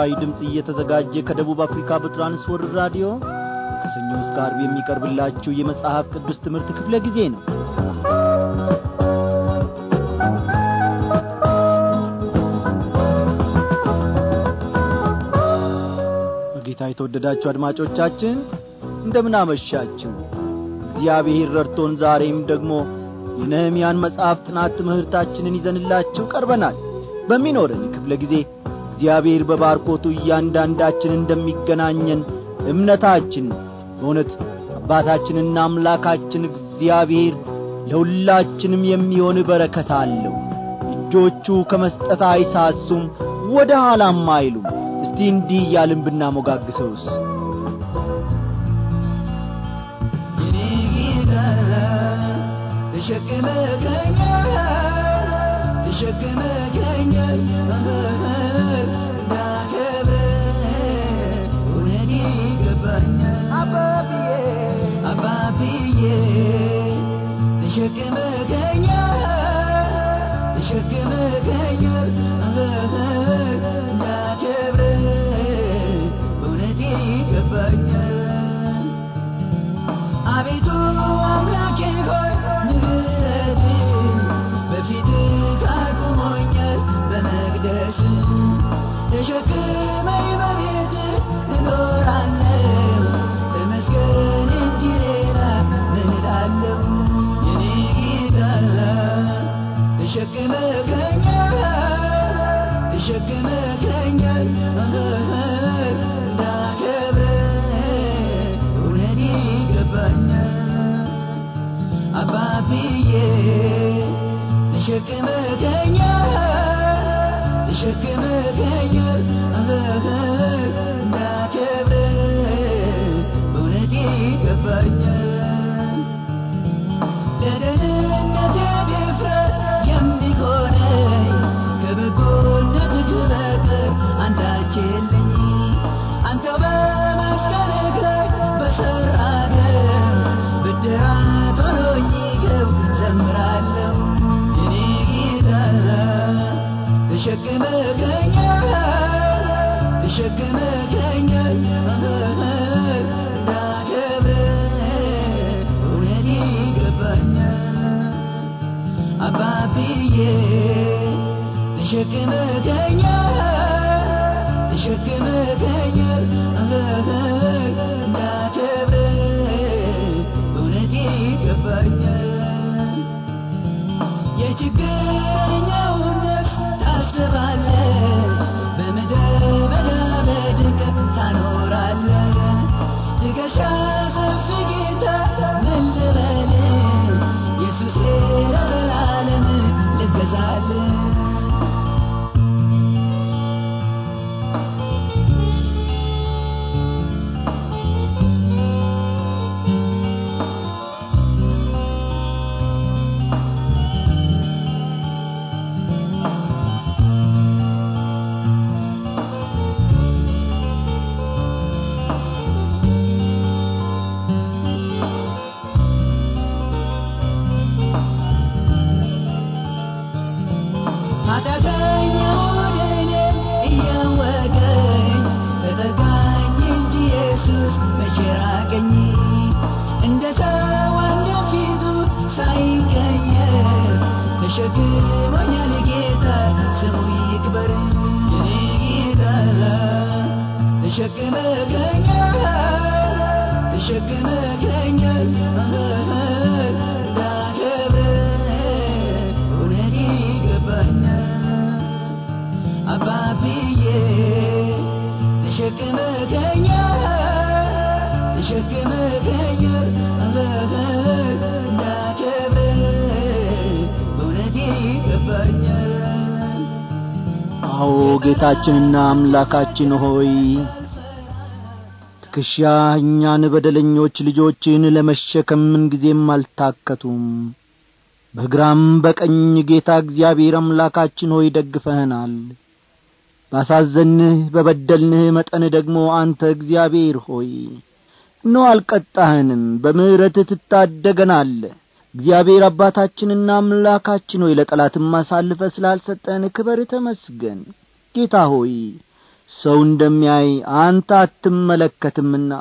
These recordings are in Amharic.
ለምስራዊ ድምፅ እየተዘጋጀ ከደቡብ አፍሪካ በትራንስወርድ ራዲዮ ከሰኞ እስከ አርብ የሚቀርብላችሁ የመጽሐፍ ቅዱስ ትምህርት ክፍለ ጊዜ ነው በጌታ የተወደዳችሁ አድማጮቻችን አመሻችሁ እግዚአብሔር ረድቶን ዛሬም ደግሞ የነህምያን መጽሐፍ ጥናት ትምህርታችንን ይዘንላችሁ ቀርበናል በሚኖረን ክፍለ ጊዜ እግዚአብሔር በባርኮቱ እያንዳንዳችን እንደሚገናኘን እምነታችን በእውነት አባታችንና አምላካችን እግዚአብሔር ለሁላችንም የሚሆን በረከት አለው እጆቹ ከመስጠት አይሳሱም ወደ ኋላም አይሉም እስቲ እንዲህ እያልን ብናሞጋግሰውስ ተሸክመከኛ ተሸክመከኛ ብዬ ተሸክመከኛል ተሸክመከኛል እና ክብር በእውነት ይገባኛል አቤቱ አምላኬ ሆይ ምሕረት በፊት አቁሞኛል በመቅደስ ተሸክመ Taking ጌታችንና አምላካችን ሆይ ትከሻ እኛን በደለኞች ልጆችን ለመሸከም ጊዜም አልታከቱም በግራም በቀኝ ጌታ እግዚአብሔር አምላካችን ሆይ ደግፈህናል ባሳዘንህ በበደልንህ መጠን ደግሞ አንተ እግዚአብሔር ሆይ ኖ አልቀጣህንም በምሕረትህ ትታደገናል እግዚአብሔር አባታችንና አምላካችን ሆይ ለጠላትም አሳልፈ ስላልሰጠን ክበር ተመስገን ጌታ ሆይ ሰው እንደሚያይ አንተ አትመለከትምና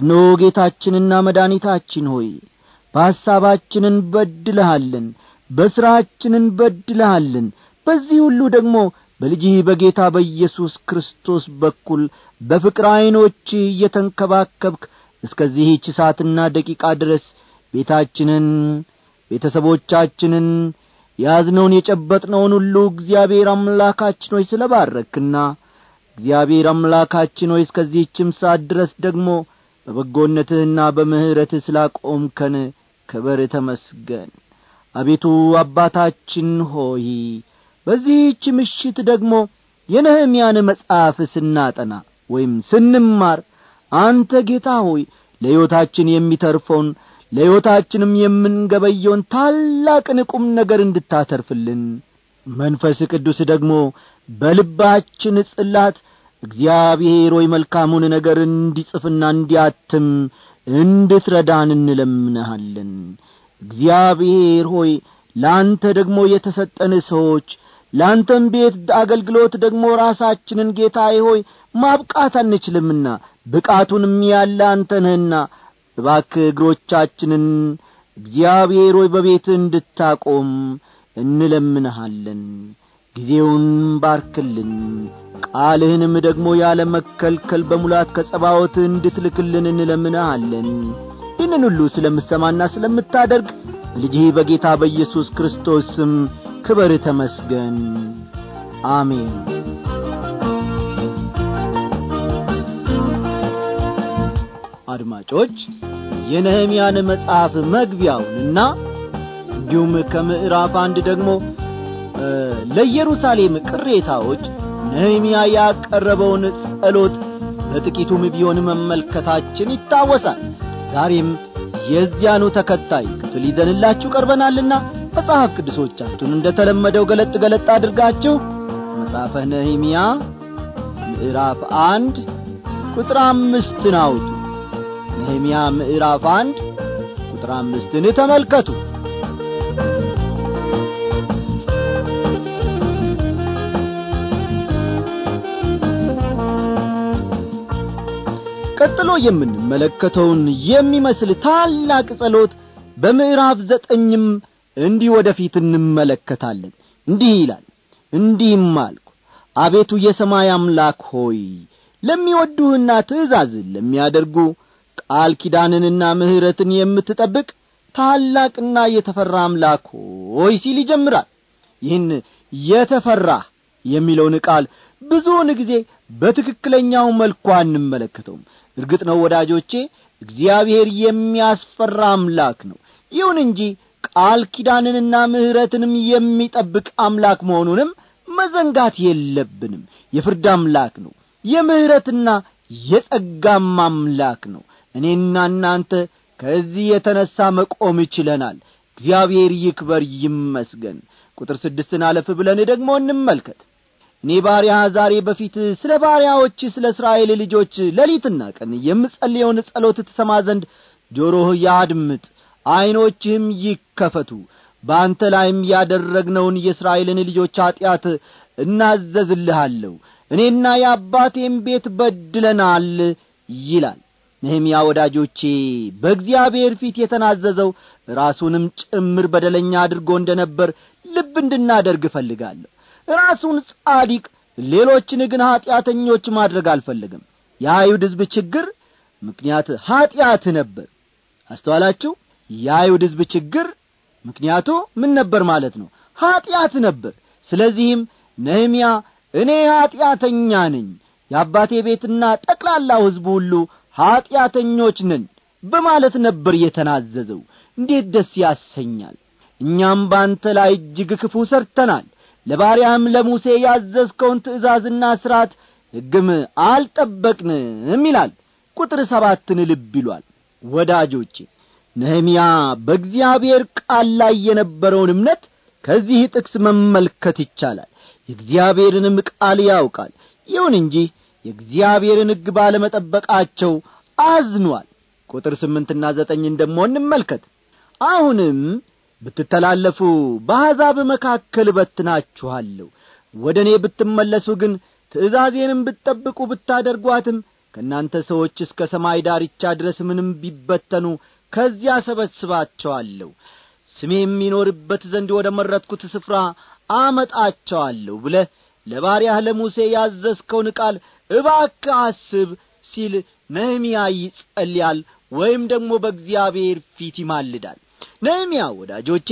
እነሆ ጌታችንና መድኃኒታችን ሆይ በሐሳባችንን በድልሃልን በሥራችንን በድልሃልን በዚህ ሁሉ ደግሞ በልጅህ በጌታ በኢየሱስ ክርስቶስ በኩል በፍቅር ዐይኖች እየተንከባከብክ እስከዚህች ሰዓትና ደቂቃ ድረስ ቤታችንን ቤተሰቦቻችንን ያዝነውን የጨበጥነውን ሁሉ እግዚአብሔር አምላካችን ሆይ ስለ ባረክና እግዚአብሔር አምላካችን ሆይ እስከዚህችም ሰዓት ድረስ ደግሞ በበጎነትህና በምሕረትህ ስላቆምከን ክብር ተመስገን አቤቱ አባታችን ሆይ በዚህች ምሽት ደግሞ የነህምያን መጽሐፍ ስናጠና ወይም ስንማር አንተ ጌታ ሆይ ለሕይወታችን የሚተርፈውን ለሕይወታችንም የምንገበየውን ታላቅ ንቁም ነገር እንድታተርፍልን መንፈስ ቅዱስ ደግሞ በልባችን ጽላት እግዚአብሔር ሆይ መልካሙን ነገር እንዲጽፍና እንዲያትም እንድትረዳን እንለምንሃለን እግዚአብሔር ሆይ ለአንተ ደግሞ የተሰጠን ሰዎች ለአንተም ቤት አገልግሎት ደግሞ ራሳችንን ጌታዬ ሆይ ማብቃት አንችልምና ብቃቱንም ያለ አንተ ነህና እባክ እግሮቻችንን እግዚአብሔር ሆይ በቤት እንድታቆም እንለምንሃለን ጊዜውን ባርክልን ቃልህንም ደግሞ ያለ መከልከል በሙላት ከጸባወት እንድትልክልን እንለምንሃለን ይህንን ሁሉ ስለምሰማና ስለምታደርግ በልጅህ በጌታ በኢየሱስ ክርስቶስ ስም ክበር ተመስገን አሜን አድማጮች የነህምያን መጽሐፍ መግቢያውንና እንዲሁም ከምዕራፍ አንድ ደግሞ ለኢየሩሳሌም ቅሬታዎች ነህምያ ያቀረበውን ጸሎት በጥቂቱም ቢሆን መመልከታችን ይታወሳል ዛሬም የዚያኑ ተከታይ ክፍል ይዘንላችሁ ቀርበናልና መጽሐፍ ቅዱሶቻችሁን እንደ ተለመደው ገለጥ ገለጥ አድርጋችሁ መጽሐፈ ነህምያ ምዕራፍ አንድ ቁጥር አምስትን አውጡ ነህምያ ምዕራፍ አንድ ቁጥር አምስትን ተመልከቱ ቀጥሎ የምንመለከተውን የሚመስል ታላቅ ጸሎት በምዕራፍ ዘጠኝም እንዲህ ወደ ፊት እንመለከታለን እንዲህ ይላል እንዲህም አልኩ አቤቱ የሰማይ አምላክ ሆይ ለሚወዱህና ትእዛዝን ለሚያደርጉ ቃል ኪዳንንና ምሕረትን የምትጠብቅ ታላቅና የተፈራ አምላክ ሆይ ሲል ይጀምራል ይህን የተፈራ የሚለውን ቃል ብዙውን ጊዜ በትክክለኛው መልኩ አንመለከተውም እርግጥ ነው ወዳጆቼ እግዚአብሔር የሚያስፈራ አምላክ ነው ይሁን እንጂ ቃል ኪዳንንና ምሕረትንም የሚጠብቅ አምላክ መሆኑንም መዘንጋት የለብንም የፍርድ አምላክ ነው የምሕረትና የጸጋም አምላክ ነው እኔና እናንተ ከዚህ የተነሣ መቆም ይችለናል እግዚአብሔር ይክበር ይመስገን ቁጥር ስድስትን አለፍ ብለን ደግሞ እንመልከት እኔ ባሪያ ዛሬ በፊት ስለ ባሪያዎች ስለ እስራኤል ልጆች ሌሊትና ቀን የምጸልየውን ጸሎት ትሰማ ዘንድ ጆሮህ ያድምጥ ዐይኖችህም ይከፈቱ በአንተ ላይም ያደረግነውን የእስራኤልን ልጆች ኀጢአት እናዘዝልሃለሁ እኔና የአባቴም ቤት በድለናል ይላል ነህምያ ወዳጆቼ በእግዚአብሔር ፊት የተናዘዘው ራሱንም ጭምር በደለኛ አድርጎ እንደ ነበር ልብ እንድናደርግ እፈልጋለሁ ራሱን ጻዲቅ ሌሎችን ግን ኀጢአተኞች ማድረግ አልፈልግም የአይሁድ ሕዝብ ችግር ምክንያት ኀጢአት ነበር አስተዋላችሁ የአይሁድ ሕዝብ ችግር ምክንያቱ ምን ነበር ማለት ነው ኀጢአት ነበር ስለዚህም ነህምያ እኔ ኀጢአተኛ ነኝ የአባቴ ቤትና ጠቅላላው ሕዝቡ ሁሉ ኀጢአተኞች ነን በማለት ነበር የተናዘዘው እንዴት ደስ ያሰኛል እኛም ባንተ ላይ እጅግ ክፉ ሰርተናል ለባሪያም ለሙሴ ያዘዝከውን ትእዛዝና ሥርዓት ሕግም አልጠበቅንም ይላል ቁጥር ሰባትን ልብ ይሏል ወዳጆቼ ነህምያ በእግዚአብሔር ቃል ላይ የነበረውን እምነት ከዚህ ጥቅስ መመልከት ይቻላል የእግዚአብሔርንም ቃል ያውቃል ይሁን እንጂ የእግዚአብሔርን ሕግ ባለመጠበቃቸው አዝኗል ቁጥር ስምንትና ዘጠኝን ደሞ እንመልከት አሁንም ብትተላለፉ በአሕዛብ መካከል በትናችኋለሁ ወደ እኔ ብትመለሱ ግን ትእዛዜንም ብትጠብቁ ብታደርጓትም ከእናንተ ሰዎች እስከ ሰማይ ዳርቻ ድረስ ምንም ቢበተኑ ከዚያ ሰበስባቸዋለሁ ስሜ የሚኖርበት ዘንድ ወደ መረጥኩት ስፍራ አመጣቸዋለሁ ብለህ ለባሪያህ ለሙሴ ያዘዝከውን ቃል እባክ አስብ ሲል ነህምያ ይጸልያል ወይም ደግሞ በእግዚአብሔር ፊት ይማልዳል ነህምያ ወዳጆቼ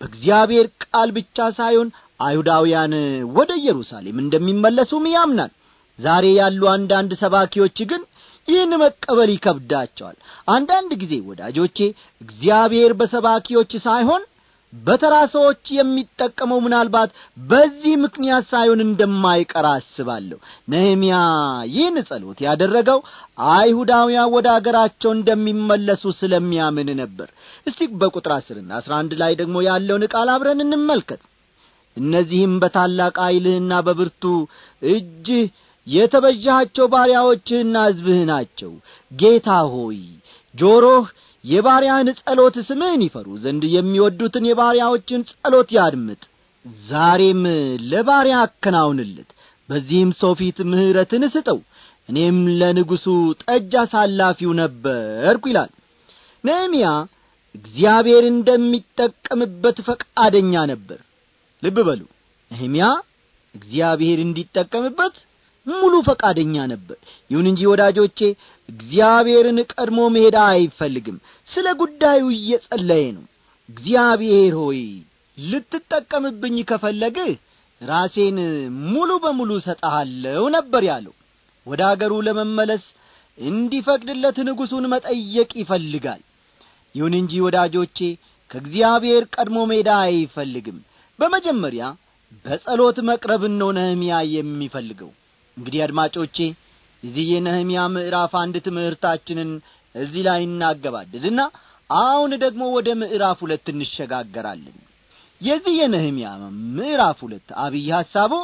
በእግዚአብሔር ቃል ብቻ ሳይሆን አይሁዳውያን ወደ ኢየሩሳሌም እንደሚመለሱም ያምናል ዛሬ ያሉ አንዳንድ ሰባኪዎች ግን ይህን መቀበል ይከብዳቸዋል አንዳንድ ጊዜ ወዳጆቼ እግዚአብሔር በሰባኪዎች ሳይሆን በተራ ሰዎች የሚጠቀመው ምናልባት በዚህ ምክንያት ሳይሆን እንደማይቀር አስባለሁ ነህምያ ይህን ጸሎት ያደረገው አይሁዳውያ ወደ አገራቸው እንደሚመለሱ ስለሚያምን ነበር እስቲ በቁጥር አስርና አስራ አንድ ላይ ደግሞ ያለውን ቃል አብረን እንመልከት እነዚህም በታላቅ አይልህና በብርቱ እጅህ የተበዣሃቸው ባሪያዎችህና ሕዝብህ ናቸው ጌታ ሆይ ጆሮህ የባሪያን ጸሎት ስምህን ይፈሩ ዘንድ የሚወዱትን የባሪያዎችን ጸሎት ያድምጥ ዛሬም ለባሪያ አከናውንለት በዚህም ሰው ፊት ምሕረትን ስጠው እኔም ለንጉሡ ጠጅ አሳላፊው ነበርኩ ይላል ነህምያ እግዚአብሔር እንደሚጠቀምበት ፈቃደኛ ነበር ልብ በሉ ነህምያ እግዚአብሔር እንዲጠቀምበት ሙሉ ፈቃደኛ ነበር ይሁን እንጂ ወዳጆቼ እግዚአብሔርን ቀድሞ መሄድ አይፈልግም ስለ ጉዳዩ እየጸለየ ነው እግዚአብሔር ሆይ ልትጠቀምብኝ ከፈለግህ ራሴን ሙሉ በሙሉ እሰጠሃለሁ ነበር ያለው ወደ አገሩ ለመመለስ እንዲፈቅድለት ንጉሡን መጠየቅ ይፈልጋል ይሁን እንጂ ወዳጆቼ ከእግዚአብሔር ቀድሞ ሜዳ አይፈልግም በመጀመሪያ በጸሎት መቅረብን ነው ነህምያ የሚፈልገው እንግዲህ አድማጮቼ እዚህ የነህምያ ምዕራፍ አንድ ትምህርታችንን እዚህ ላይ እናገባድድና አሁን ደግሞ ወደ ምዕራፍ ሁለት እንሸጋገራለን የዚህ የነህምያ ምዕራፍ ሁለት አብይ ሐሳቡ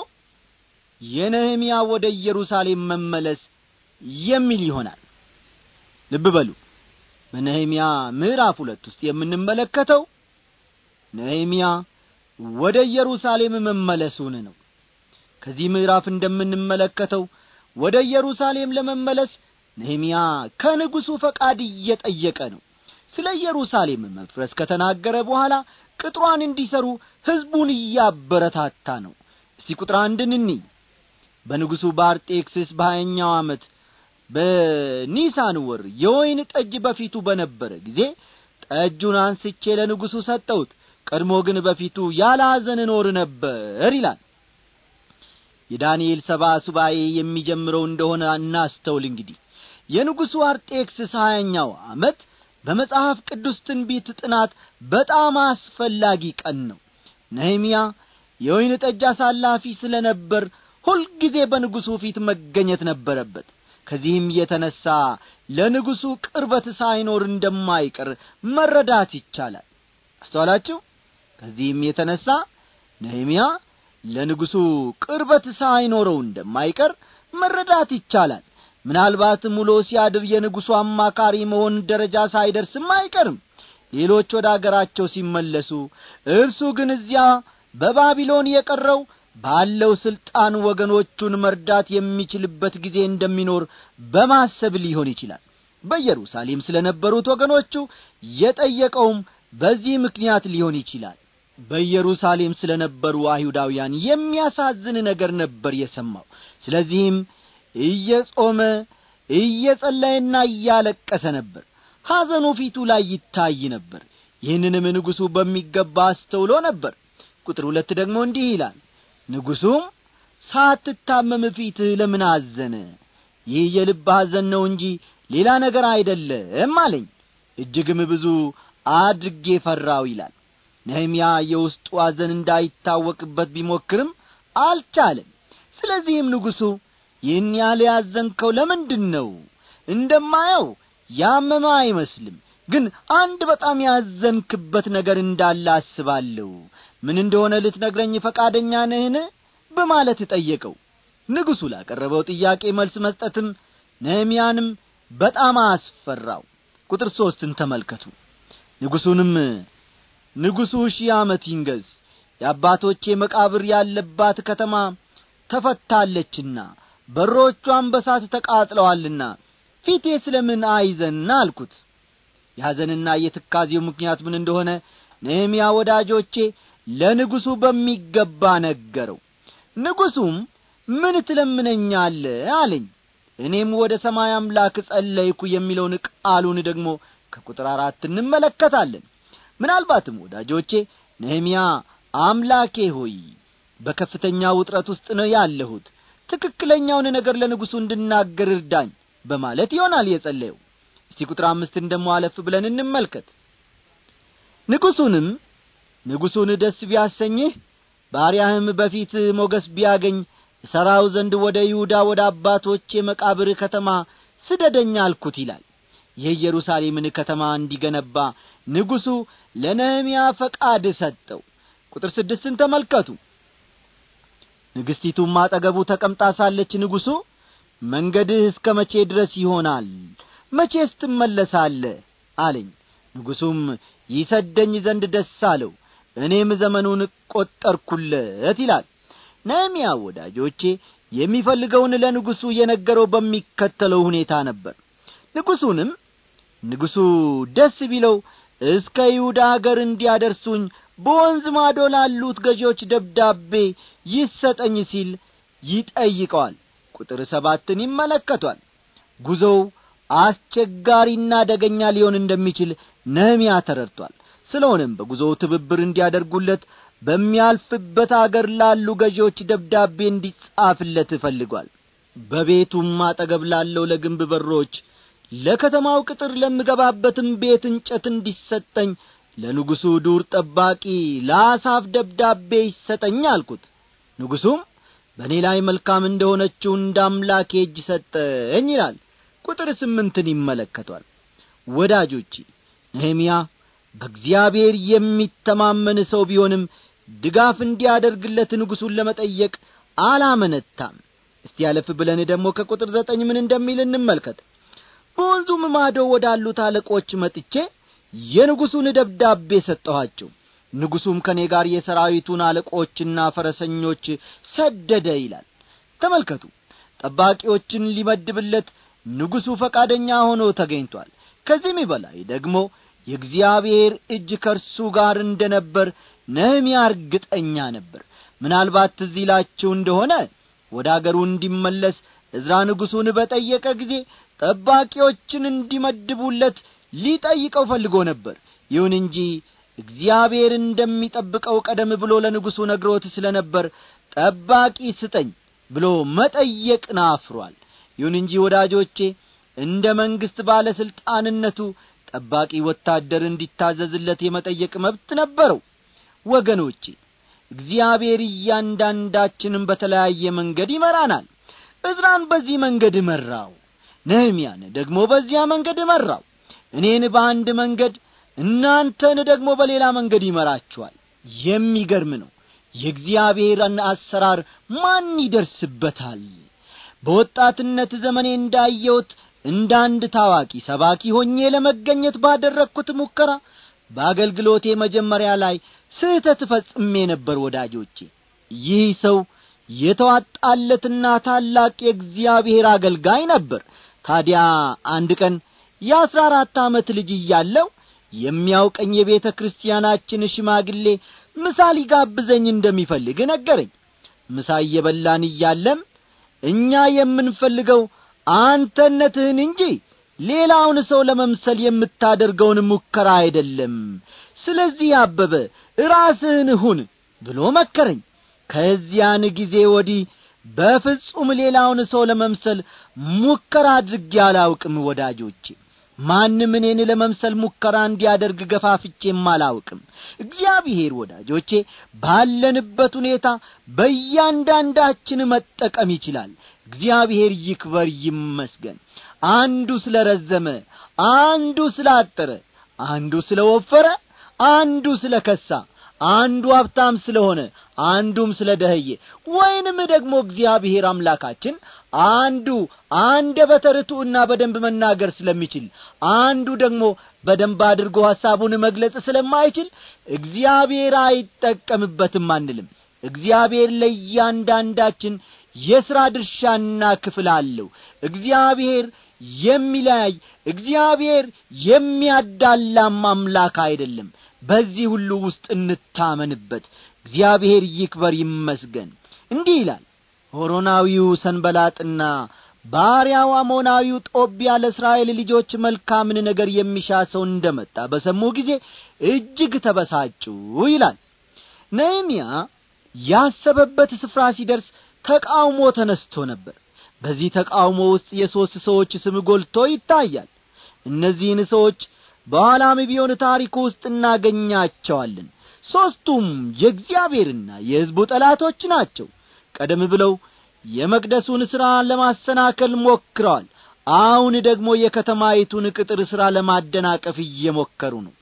የነህምያ ወደ ኢየሩሳሌም መመለስ የሚል ይሆናል ልብ በሉ በነህምያ ምዕራፍ ሁለት ውስጥ የምንመለከተው ነህምያ ወደ ኢየሩሳሌም መመለሱን ነው ከዚህ ምዕራፍ እንደምንመለከተው ወደ ኢየሩሳሌም ለመመለስ ነህምያ ከንጉሡ ፈቃድ እየጠየቀ ነው ስለ ኢየሩሳሌም መፍረስ ከተናገረ በኋላ ቅጥሯን እንዲሰሩ ሕዝቡን እያበረታታ ነው እስቲ ቁጥር አንድን እንይ በንጉሡ ባርጤክስስ በሀያኛው ዓመት በኒሳን ወር የወይን ጠጅ በፊቱ በነበረ ጊዜ ጠጁን አንስቼ ለንጉሡ ሰጠሁት ቀድሞ ግን በፊቱ ያለ ሐዘን እኖር ነበር ይላል የዳንኤል ሰባ ሱባኤ የሚጀምረው እንደሆነ እናስተውል እንግዲህ የንጉሡ አርጤክስስ ሀያኛው ዓመት በመጽሐፍ ቅዱስ ትንቢት ጥናት በጣም አስፈላጊ ቀን ነው ነህምያ የወይን ጠጅ አሳላፊ ስለ ነበር ሁልጊዜ በንጉሡ ፊት መገኘት ነበረበት ከዚህም የተነሣ ለንጉሡ ቅርበት ሳይኖር እንደማይቀር መረዳት ይቻላል አስተዋላችሁ ከዚህም የተነሣ ነህምያ ለንጉሡ ቅርበት ሳይኖረው እንደማይቀር መረዳት ይቻላል ምናልባት ሙሎ ሲያድር የንጉሡ አማካሪ መሆን ደረጃ ሳይደርስም አይቀርም ሌሎች ወደ አገራቸው ሲመለሱ እርሱ ግን እዚያ በባቢሎን የቀረው ባለው ሥልጣን ወገኖቹን መርዳት የሚችልበት ጊዜ እንደሚኖር በማሰብ ሊሆን ይችላል በኢየሩሳሌም ስለ ነበሩት ወገኖቹ የጠየቀውም በዚህ ምክንያት ሊሆን ይችላል በኢየሩሳሌም ስለ ነበሩ አይሁዳውያን የሚያሳዝን ነገር ነበር የሰማው ስለዚህም እየጾመ እየጸለየና እያለቀሰ ነበር ሐዘኑ ፊቱ ላይ ይታይ ነበር ይህንንም ንጉሡ በሚገባ አስተውሎ ነበር ቁጥር ሁለት ደግሞ እንዲህ ይላል ንጉሡም ሳትታመም ፊትህ ለምን አዘነ ይህ የልብ ሐዘን ነው እንጂ ሌላ ነገር አይደለም አለኝ እጅግም ብዙ አድርጌ ፈራው ይላል ነህምያ የውስጡ አዘን እንዳይታወቅበት ቢሞክርም አልቻለም ስለዚህም ንጉሡ ይህን ያህል ያዘንከው ለምንድን ነው እንደማየው ያመመ አይመስልም ግን አንድ በጣም ያዘንክበት ነገር እንዳለ አስባለሁ ምን እንደሆነ ልትነግረኝ ፈቃደኛ ነህን በማለት ጠየቀው ንጉሡ ላቀረበው ጥያቄ መልስ መስጠትም ነህምያንም በጣም አስፈራው ቁጥር ሦስትን ተመልከቱ ንጉሡንም ንጉሡ ሺህ ዓመት ይንገሥ የአባቶቼ መቃብር ያለባት ከተማ ተፈታለችና በሮቿን በሳት ተቃጥለዋልና ፊቴ ስለምን አይዘና አልኩት ያዘንና የትካዜው ምክንያት ምን እንደሆነ ነህምያ ወዳጆቼ ለንጉሡ በሚገባ ነገረው ንጉሡም ምን ትለምነኛለ አለኝ እኔም ወደ ሰማይ አምላክ ጸለይኩ የሚለውን ቃሉን ደግሞ ከቁጥር አራት እንመለከታለን ምናልባትም ወዳጆቼ ነህምያ አምላኬ ሆይ በከፍተኛ ውጥረት ውስጥ ነው ያለሁት ትክክለኛውን ነገር ለንጉሡ እንድናገር እርዳኝ በማለት ይሆናል የጸለየው እስቲ ቁጥር አምስትን ደሞ አለፍ ብለን እንመልከት ንጉሡንም ንጉሡን ደስ ቢያሰኝህ ባሪያህም በፊት ሞገስ ቢያገኝ እሠራው ዘንድ ወደ ይሁዳ ወደ አባቶቼ መቃብር ከተማ ስደደኛ አልኩት ይላል የኢየሩሳሌምን ከተማ እንዲገነባ ንጉሡ ለነህምያ ፈቃድ ሰጠው ቁጥር ስድስትን ተመልከቱ ንግሥቲቱም አጠገቡ ተቀምጣ ሳለች ንጉሡ መንገድህ እስከ መቼ ድረስ ይሆናል መቼስ ትመለሳለ አለኝ ንጉሡም ይሰደኝ ዘንድ ደስ አለው እኔም ዘመኑን ቈጠርኩለት ይላል ነህምያ ወዳጆቼ የሚፈልገውን ለንጉሡ የነገረው በሚከተለው ሁኔታ ነበር ንጉሡንም ንጉሡ ደስ ቢለው እስከ ይሁዳ አገር እንዲያደርሱኝ በወንዝ ማዶ ላሉት ገዢዎች ደብዳቤ ይሰጠኝ ሲል ይጠይቀዋል ቁጥር ሰባትን ይመለከቷል ጉዞው አስቸጋሪና አደገኛ ሊሆን እንደሚችል ነህምያ ተረድቷል ስለሆነም በጉዞው ትብብር እንዲያደርጉለት በሚያልፍበት አገር ላሉ ገዢዎች ደብዳቤ እንዲጻፍለት እፈልጓል በቤቱም አጠገብ ላለው ለግንብ በሮች ለከተማው ቅጥር ለምገባበትም ቤት እንጨት እንዲሰጠኝ ለንጉሡ ዱር ጠባቂ ለአሳፍ ደብዳቤ ይሰጠኝ አልኩት ንጉሡም በእኔ ላይ መልካም እንደሆነችው እንደ አምላኬ እጅ ሰጠኝ ይላል ቁጥር ስምንትን ይመለከቷል ወዳጆቼ ነህምያ በእግዚአብሔር የሚተማመን ሰው ቢሆንም ድጋፍ እንዲያደርግለት ንጉሡን ለመጠየቅ አላመነታም እስቲ ያለፍ ብለን ደግሞ ከቁጥር ዘጠኝ ምን እንደሚል እንመልከት በወንዙም ማዶ ወዳሉት አለቆች መጥቼ የንጉሡን ደብዳቤ ሰጠኋቸው ንጉሡም ከእኔ ጋር የሰራዊቱን አለቆችና ፈረሰኞች ሰደደ ይላል ተመልከቱ ጠባቂዎችን ሊመድብለት ንጉሡ ፈቃደኛ ሆኖ ተገኝቷል ከዚህም በላይ ደግሞ የእግዚአብሔር እጅ ከእርሱ ጋር እንደ ነበር ነህምያ እርግጠኛ ነበር ምናልባት እዚህ ይላችሁ እንደሆነ ወደ አገሩ እንዲመለስ ዕዝራ ንጉሡን በጠየቀ ጊዜ ጠባቂዎችን እንዲመድቡለት ሊጠይቀው ፈልጎ ነበር ይሁን እንጂ እግዚአብሔር እንደሚጠብቀው ቀደም ብሎ ለንጉሡ ነግሮት ስለ ነበር ጠባቂ ስጠኝ ብሎ መጠየቅን አፍሯል። ይሁን እንጂ ወዳጆቼ እንደ መንግሥት ባለ ሥልጣንነቱ ጠባቂ ወታደር እንዲታዘዝለት የመጠየቅ መብት ነበረው ወገኖቼ እግዚአብሔር እያንዳንዳችንም በተለያየ መንገድ ይመራናል እዝራን በዚህ መንገድ መራው ነህምያን ደግሞ በዚያ መንገድ መራው እኔን በአንድ መንገድ እናንተን ደግሞ በሌላ መንገድ ይመራችኋል የሚገርም ነው የእግዚአብሔርን አሰራር ማን ይደርስበታል በወጣትነት ዘመኔ እንዳየሁት እንደ አንድ ታዋቂ ሰባኪ ሆኜ ለመገኘት ባደረግኩት ሙከራ በአገልግሎቴ መጀመሪያ ላይ ስህተት ፈጽሜ ነበር ወዳጆቼ ይህ ሰው የተዋጣለትና ታላቅ የእግዚአብሔር አገልጋይ ነበር ታዲያ አንድ ቀን የአሥራ አራት ዓመት ልጅ እያለው የሚያውቀኝ የቤተ ክርስቲያናችን ሽማግሌ ምሳ ሊጋብዘኝ እንደሚፈልግ ነገረኝ ምሳ እየበላን እያለም እኛ የምንፈልገው አንተነትህን እንጂ ሌላውን ሰው ለመምሰል የምታደርገውን ሙከራ አይደለም ስለዚህ አበበ ራስህን ሁን ብሎ መከረኝ ከዚያን ጊዜ ወዲህ በፍጹም ሌላውን ሰው ለመምሰል ሙከራ አድርጌ አላውቅም ወዳጆቼ ማንም እኔን ለመምሰል ሙከራ እንዲያደርግ ገፋፍቼም አላውቅም እግዚአብሔር ወዳጆቼ ባለንበት ሁኔታ በእያንዳንዳችን መጠቀም ይችላል እግዚአብሔር ይክበር ይመስገን አንዱ ስለ ረዘመ አንዱ ስለ አጠረ አንዱ ስለ ወፈረ አንዱ ስለ ከሳ አንዱ ሀብታም ስለሆነ አንዱም ደህየ ወይንም ደግሞ እግዚአብሔር አምላካችን አንዱ አንደ ርቱዕና በደንብ መናገር ስለሚችል አንዱ ደግሞ በደንብ አድርጎ ሐሳቡን መግለጽ ስለማይችል እግዚአብሔር አይጠቀምበትም አንልም። እግዚአብሔር ለእያንዳንዳችን የሥራ ድርሻና ክፍል አለው። እግዚአብሔር የሚለያይ እግዚአብሔር የሚያዳላም አምላክ አይደለም በዚህ ሁሉ ውስጥ እንታመንበት እግዚአብሔር ይክበር ይመስገን እንዲህ ይላል ሆሮናዊው ሰንበላጥና ባሪያው አሞናዊው ጦቢያ ለእስራኤል ልጆች መልካምን ነገር የሚሻ ሰው እንደመጣ በሰሙ ጊዜ እጅግ ተበሳጩ ይላል ነህምያ ያሰበበት ስፍራ ሲደርስ ተቃውሞ ተነስቶ ነበር በዚህ ተቃውሞ ውስጥ የሦስት ሰዎች ስም ጎልቶ ይታያል እነዚህን ሰዎች በኋላም ቢሆን ታሪክ ውስጥ እናገኛቸዋለን ሦስቱም የእግዚአብሔርና የሕዝቡ ጠላቶች ናቸው ቀደም ብለው የመቅደሱን ሥራ ለማሰናከል ሞክረዋል አሁን ደግሞ የከተማይቱን ቅጥር ሥራ ለማደናቀፍ እየሞከሩ ነው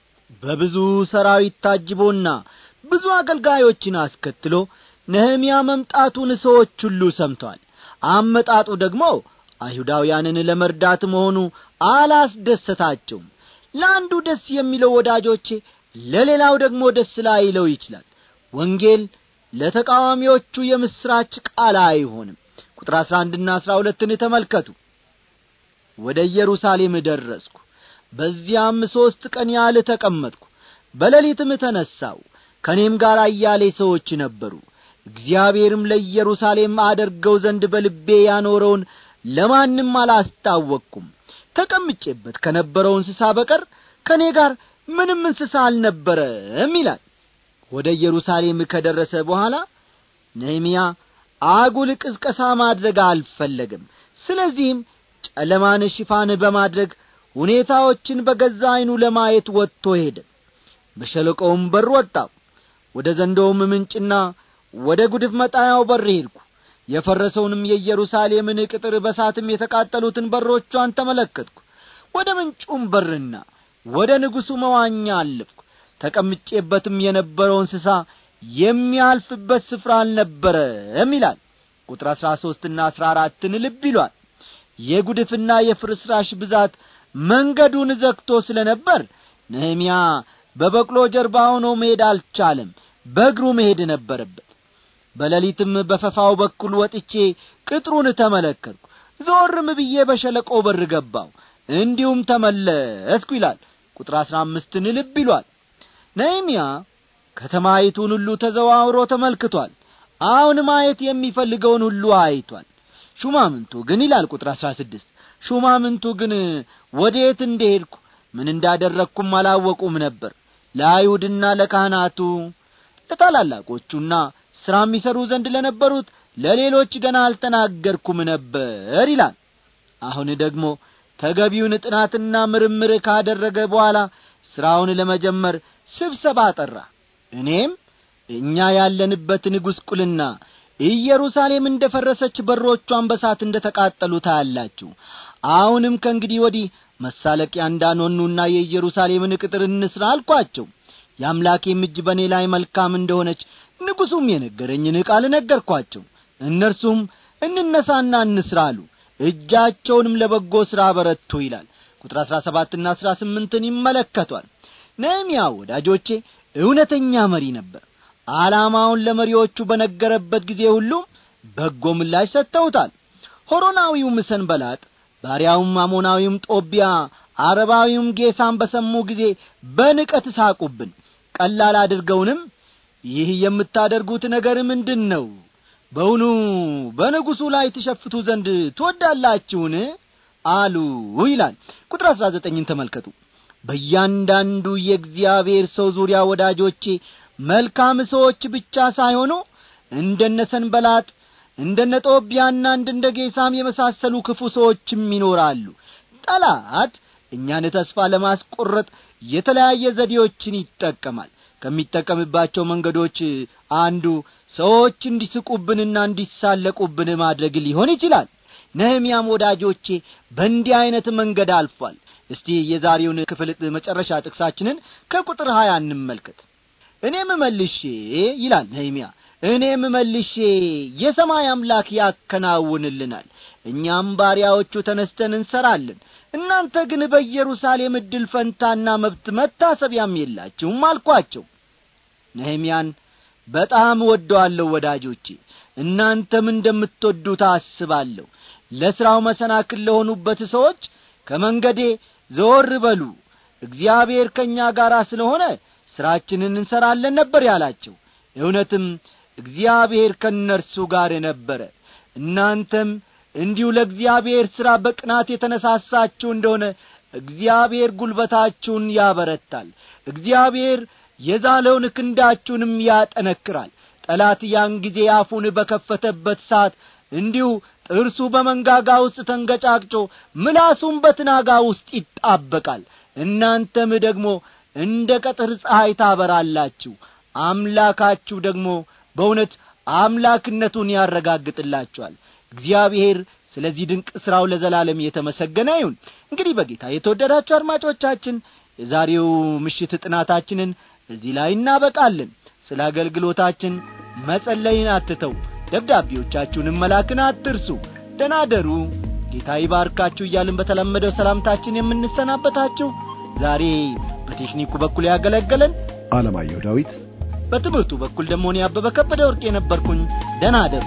በብዙ ሠራዊት ታጅቦና ብዙ አገልጋዮችን አስከትሎ ነህምያ መምጣቱን ሰዎች ሁሉ ሰምተዋል አመጣጡ ደግሞ አይሁዳውያንን ለመርዳት መሆኑ አላስደሰታቸውም ለአንዱ ደስ የሚለው ወዳጆቼ ለሌላው ደግሞ ደስ ላይለው ይችላል ወንጌል ለተቃዋሚዎቹ የምሥራች ቃል አይሆንም ቁጥር አሥራ አንድና አሥራ ሁለትን ተመልከቱ ወደ ኢየሩሳሌም ደረስኩ በዚያም ሦስት ቀን ያህል ተቀመጥኩ በሌሊትም ተነሣው ከእኔም ጋር አያሌ ሰዎች ነበሩ እግዚአብሔርም ለኢየሩሳሌም አደርገው ዘንድ በልቤ ያኖረውን ለማንም አላስታወቅኩም ተቀምጬበት ከነበረው እንስሳ በቀር ከእኔ ጋር ምንም እንስሳ አልነበረም ይላል ወደ ኢየሩሳሌም ከደረሰ በኋላ ነህምያ አጉል ቅስቀሳ ማድረግ አልፈለግም ስለዚህም ጨለማን ሽፋን በማድረግ ሁኔታዎችን በገዛ ዐይኑ ለማየት ወጥቶ ሄደ በሸለቆውም በር ወጣው ወደ ዘንዶውም ምንጭና ወደ ጉድፍ መጣያው በር ሄድኩ የፈረሰውንም የኢየሩሳሌምን ቅጥር በሳትም የተቃጠሉትን በሮቿን ተመለከትኩ ወደ ምንጩም በርና ወደ ንጉሡ መዋኛ አለፍኩ ተቀምጬበትም የነበረው እንስሳ የሚያልፍበት ስፍራ አልነበረም ይላል ቁጥር አሥራ ሦስትና አሥራ አራትን ልብ ይሏል የጉድፍና የፍርስራሽ ብዛት መንገዱን ዘግቶ ስለ ነበር ነህምያ በበቅሎ ጀርባ ሆኖ መሄድ አልቻለም በእግሩ መሄድ ነበረበት በሌሊትም በፈፋው በኩል ወጥቼ ቅጥሩን ተመለከትኩ ዞርም ብዬ በሸለቆ በር ገባው እንዲሁም ተመለስኩ ይላል ቁጥር አሥራ አምስትን ልብ ይሏል ነይምያ ከተማዪቱን ሁሉ ተዘዋውሮ ተመልክቷል አሁን ማየት የሚፈልገውን ሁሉ አይቷል ሹማምንቱ ግን ይላል ቁጥር አሥራ ስድስት ሹማምንቱ ግን ወዴት እንደሄድኩ ምን እንዳደረግኩም አላወቁም ነበር ለአይሁድና ለካህናቱ ለታላላቆቹና ሥራ የሚሠሩ ዘንድ ለነበሩት ለሌሎች ገና አልተናገርኩም ነበር ይላል አሁን ደግሞ ተገቢውን ጥናትና ምርምር ካደረገ በኋላ ሥራውን ለመጀመር ስብሰባ ጠራ እኔም እኛ ንጉሥ ቁልና ኢየሩሳሌም እንደ ፈረሰች በሮቿን በሳት እንደ ተቃጠሉ ታያላችሁ አሁንም ከእንግዲህ ወዲህ መሳለቂያ እንዳንሆኑና የኢየሩሳሌምን ቅጥር እንስራ አልኳቸው የአምላኬም እጅ በእኔ ላይ መልካም እንደሆነች ንጉሡም የነገረኝን ቃል ነገርኳቸው እነርሱም እንነሳና እንስራ አሉ እጃቸውንም ለበጎ ሥራ በረቱ ይላል ቁጥር አሥራ ሰባትና አሥራ ስምንትን ይመለከቷል ነህምያ ወዳጆቼ እውነተኛ መሪ ነበር ዓላማውን ለመሪዎቹ በነገረበት ጊዜ ሁሉ በጎ ምላሽ ሰጥተውታል ምሰን በላጥ ባሪያውም አሞናዊውም ጦቢያ አረባዊውም ጌሳን በሰሙ ጊዜ በንቀት ሳቁብን ቀላል አድርገውንም ይህ የምታደርጉት ነገር ምንድን ነው በውኑ በንጉሡ ላይ ትሸፍቱ ዘንድ ትወዳላችሁን አሉ ይላል ቁጥር አሥራ ዘጠኝን ተመልከቱ በእያንዳንዱ የእግዚአብሔር ሰው ዙሪያ ወዳጆቼ መልካም ሰዎች ብቻ ሳይሆኑ እንደነ ሰንበላጥ እንደነ ጦቢያና እንደ ጌሳም የመሳሰሉ ክፉ ሰዎችም ይኖራሉ ጠላት እኛን ተስፋ ለማስቆረጥ የተለያየ ዘዴዎችን ይጠቀማል ከሚጠቀምባቸው መንገዶች አንዱ ሰዎች እንዲስቁብንና እንዲሳለቁብን ማድረግ ሊሆን ይችላል ነህምያም ወዳጆቼ በእንዲህ ዐይነት መንገድ አልፏል እስቲ የዛሬውን ክፍል መጨረሻ ጥቅሳችንን ከቁጥር ሀያ እንመልከት እኔም መልሼ ይላል ነህምያ እኔም መልሼ የሰማይ አምላክ ያከናውንልናል እኛም ባሪያዎቹ ተነስተን እንሰራለን እናንተ ግን በኢየሩሳሌም ዕድል ፈንታና መብት መታሰቢያም የላችሁም አልኳቸው ነህምያን በጣም ወደዋለሁ ወዳጆቼ እናንተም እንደምትወዱት አስባለሁ ለሥራው መሰናክል ለሆኑበት ሰዎች ከመንገዴ ዘወር በሉ እግዚአብሔር ከእኛ ጋር ስለሆነ ሥራችንን እንሠራለን ነበር ያላቸው እውነትም እግዚአብሔር ከእነርሱ ጋር ነበረ እናንተም እንዲሁ ለእግዚአብሔር ሥራ በቅናት የተነሳሳችሁ እንደሆነ እግዚአብሔር ጒልበታችሁን ያበረታል እግዚአብሔር የዛለውን ክንዳችሁንም ያጠነክራል ጠላት ያን ጊዜ አፉን በከፈተበት ሰዓት እንዲሁ ጥርሱ በመንጋጋ ውስጥ ተንገጫቅጮ ምላሱም በትናጋ ውስጥ ይጣበቃል እናንተም ደግሞ እንደ ቀጥር ፀሐይ ታበራላችሁ አምላካችሁ ደግሞ በእውነት አምላክነቱን ያረጋግጥላችኋል እግዚአብሔር ስለዚህ ድንቅ ሥራው ለዘላለም የተመሰገነ ይሁን እንግዲህ በጌታ የተወደዳችሁ አድማጮቻችን የዛሬው ምሽት ጥናታችንን እዚህ ላይ እናበቃለን ስለ አገልግሎታችን መጸለይን አትተው ደብዳቤዎቻችሁን መላክን አትርሱ ደናደሩ ጌታ ይባርካችሁ እያልን በተለመደው ሰላምታችን የምንሰናበታችሁ ዛሬ በቴክኒኩ በኩል ያገለገለን አለማየሁ ዳዊት በትምህርቱ በኩል ደግሞ እኔ አበበ ከበደ ወርቅ የነበርኩኝ ደናደሩ